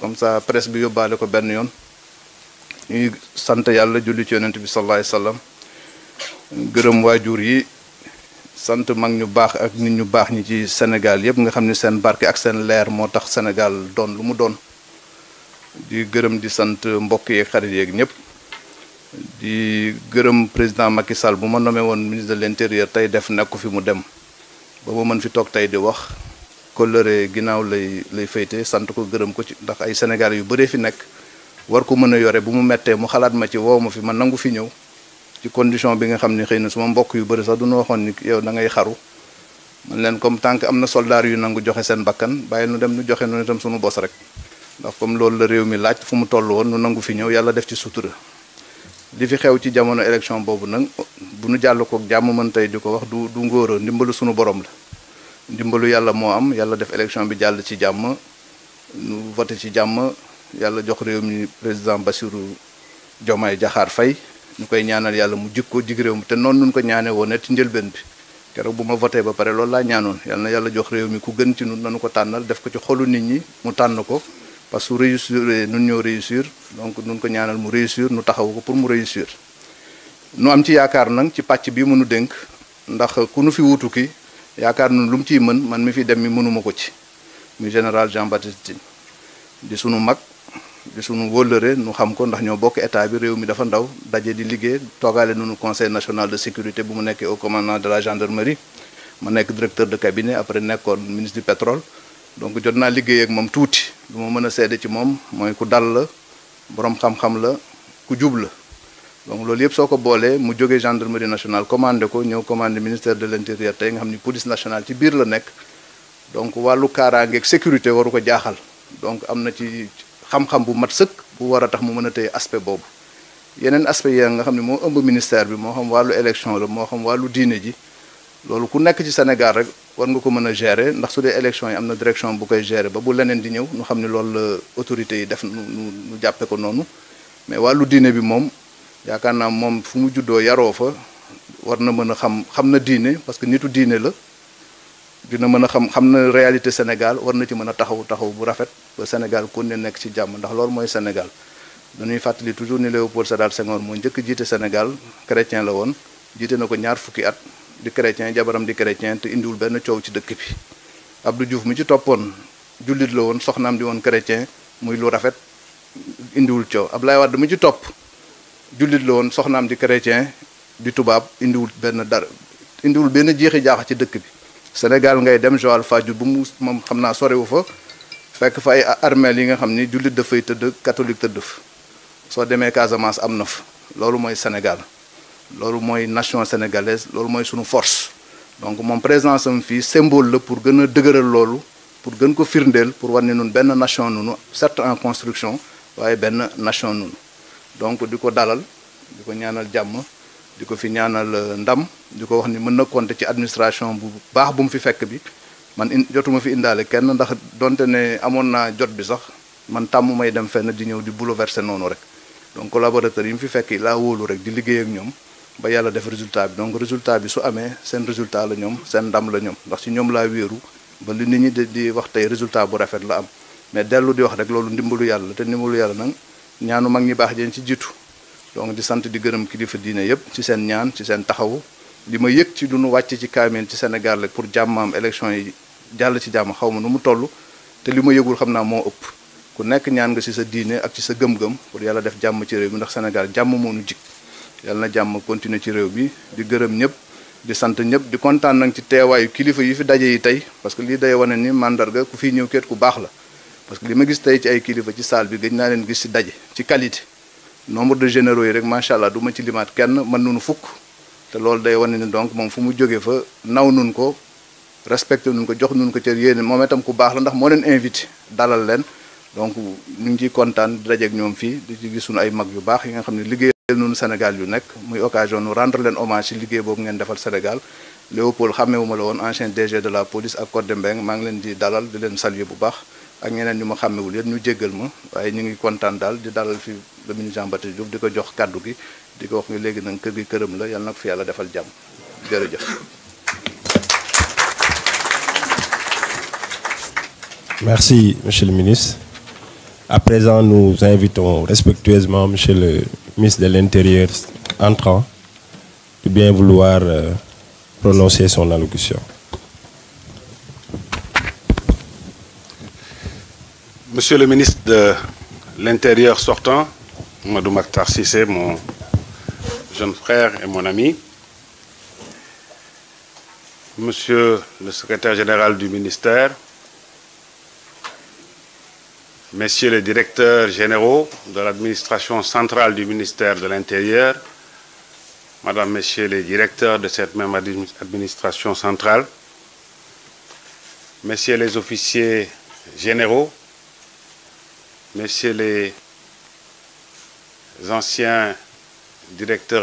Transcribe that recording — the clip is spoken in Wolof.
comme ça presse bi yobale ko Yalle yon ñu sante yalla julli ci yonent bi sallallahu alayhi wasallam gërëm wajur yi sante mag ñu bax ak nit ñu bax ñi ci Sénégal yépp nga xamni sen barke ak sen leer mo tax Sénégal doon lu mu doon di gërëm di sante mbokk yi xarit yeeg ñëpp di gërëm président Macky Sall bu ma nommé won ministre de l'intérieur tay def nekk fi mu dem ba ma man fi tok tay di wax kóllëre ginnaaw lay lay fayte sant ko gërëm ko ci ndax ay Sénégal yu bëree fi nekk war ko mën a yore bu mu mettee mu xalaat ma ci woow ma fi man nangu fi ñëw ci condition bi nga xam ni xëy na suma mbokk yu bëri sax duñu waxoon ni yow da ngay xaru man leen comme tànk am na soldaar yu nangu joxe seen bakkan bàyyi nu dem nu joxe nu itam suñu bos rek ndax comme loolu la réew mi laaj fu mu toll woon nu nangu fi ñëw yàlla def ci sutura li fi xew ci jamono élection boobu nag bu nu jàll koog jàmm mën di ko wax du du ngóora ndimbalu sunu borom la ndimbalu yàlla moo am yàlla def élection bi jàll ci jàmm nu voté ci jàmm yàlla jox réew mi président Bassirou jomaay jaxaar Faye nu koy ñaanal yàlla mu jik ko jig réew mi te noon ñu ko ñaane woon ci njëlbeen bi keroog bu ma voté ba pare loolu laa ñaanoon yàlla na yàlla jox réew mi ku gën ci nun nanu ko tànnal def ko ci xolu nit ñi mu tànn ko parce que réussir nun ñoo réussir donc nun ko ñaanal mu réussir nu taxaw ko pour mu réussir nu am ci yaakaar nag ci pàcc bi mënu dénk ndax ku yaakaar na lu mu ciy mën man mi fi dem mi mënuma ko ci général Jean Baptiste est sunu mag di sunu xam ko ndax ñoo bokk état bi mi conseil national de sécurité bu mu nekkee au commandant de la gendarmerie ma le directeur de cabinet après nekkoon ministre du pétrole donc jot liggéey ak moom tuuti lu ma mën ci moom mooy ku dal la xam-xam la donc loolu yëpp soo ko boolee mu jóge gendarmerie nationale commandé ko ñëw commandé ministère de l' intérieur tey nga xam ni police nationale ci biir la nekk donc wàllu kaaraangeeg sécurité waru ko jaaxal donc am na ci xam-xam bu mat sëkk bu war a tax mu mën a téye aspect boobu yeneen aspect ya nga xam ne moo ëmb ministère bi moo xam wàllu élection la moo xam wàllu diine ji loolu ku nekk ci Sénégal rek war nga ko mën a gérer ndax su dee élection yi am na direction bu koy gérer ba bu leneen di ñëw ñu xam ne loolu la autorités yi def nu nu jàppe ko noonu mais wàllu diine bi moom yaakaar naa moom fu mu juddoo yaroo fa war na mën a xam xam na diine parce que nitu diine la dina mën a xam xam na réalité Sénégal war na ci mën a taxaw taxaw bu rafet ba Sénégal ku ne nekk ci jàmm ndax loolu mooy Sénégal dañuy fàttali toujours ni Léopold Sédar Senghor moo njëkk jiite Sénégal chrétien la woon jiite na ko ñaar fukki at di chrétien jabaram di chrétien te indiwul benn coow ci dëkk bi ab Abdou Diouf mu ci toppoon jullit la woon soxnaam di woon chrétien muy lu rafet indiwul coow Abdoulaye Wade mi ci topp jullit la woon soxnaam di chrétien di tubaab indiwul benn dara indiwul benn jeexi jaaxa ci dëkk bi Sénégal ngay dem Joal Fadiouth bu mu moom xam naa sorewu fa fekk fa ay armel yi nga xam ni jullit dafay tëdd catholique tëdd fa soo demee Casamance am na fa loolu mooy Sénégal loolu mooy nation sénégalaise loolu mooy sunu force donc moom présence am fii symbole la pour gën a dëgëral loolu pour gën ko firndeel pour war ne nun benn nation nunu certes en construction waaye benn nation nunu donc di ko dalal di ko ñaanal jàmm di ko fi ñaanal euh, ndam di ko wax ni mën na compter ci administration bu baax bu mu fi fekk bi man in jotuma fi indaale kenn ndax donte ne amoon naa jot bi sax man tàmm may dem fenn di ñëw di bouleverser noonu rek donc collaborateurs yi mu fi fekk yi laa wóolu rek di liggéey ak ñoom ba yàlla def résultat bi donc résultat bi su amee seen résultat la ñoom seen ndam la ñoom ndax ci ñoom laa wéeru ba li nit ñi di wax tey résultat bu rafet la am mais dellu di wax rek loolu ndimbalu yàlla te ndimbalu yàlla nag ñaanu mag ñi baax jeen ci jiitu donc di sant di gërëm kilifa diine yëpp ci seen ñaan ci seen taxaw li ma yëg ci lu nu wàcc ci kaamil ci Sénégal pour jàmmam élection yi jàll ci jàmm xaw ma nu mu toll te li ma yëgul xam naa moo ëpp ku nekk ñaan nga ci sa diine ak ci sa gëm-gëm pour yàlla def jàmm ci réew bi ndax Sénégal jàmm moo nu jig yàlla na jàmm continuer ci réew mi di gërëm ñëpp di sant ñëpp di kontaan nag ci teewaayu kilifa yi fi daje yi tey parce que lii day wane ni mandarga ku fi ñëw keet ku baax la parce que li ma gis tey ci ay kilifa ci salle bi gëj naa leen gis ci daje ci qualité nombre de généraux yi rek macha allah du ma ci limaat kenn mën nunu fukk te loolu day wane ni donc moom fu mu jógee fa naw nun ko respecté nun ko jox nun ko cër yéen moom itam ku baax la ndax moo leen invité dalal leen donc ñu ngi ciy kontaan di ñoom fii di ci gis suñu ay mag yu baax yi nga xam ne liggéey nunu Sénégal yu nekk muy occasion nu rendre leen hommage ci liggéey boobu ngeen defal Sénégal Léopold xàmmewuma la woon ancien DG de la police ak Codé Mbengue maa ngi leen di dalal di leen saluer bu baax Merci, Monsieur le ministre. À présent, nous invitons respectueusement Monsieur le ministre de l'Intérieur entrant de bien vouloir euh, prononcer son allocution. Monsieur le ministre de l'Intérieur sortant, Madou Maktar Sissé, mon jeune frère et mon ami, Monsieur le secrétaire général du ministère, Messieurs les directeurs généraux de l'administration centrale du ministère de l'Intérieur, Madame, Messieurs les directeurs de cette même administration centrale, Messieurs les officiers généraux, messieurs les anciens directeurs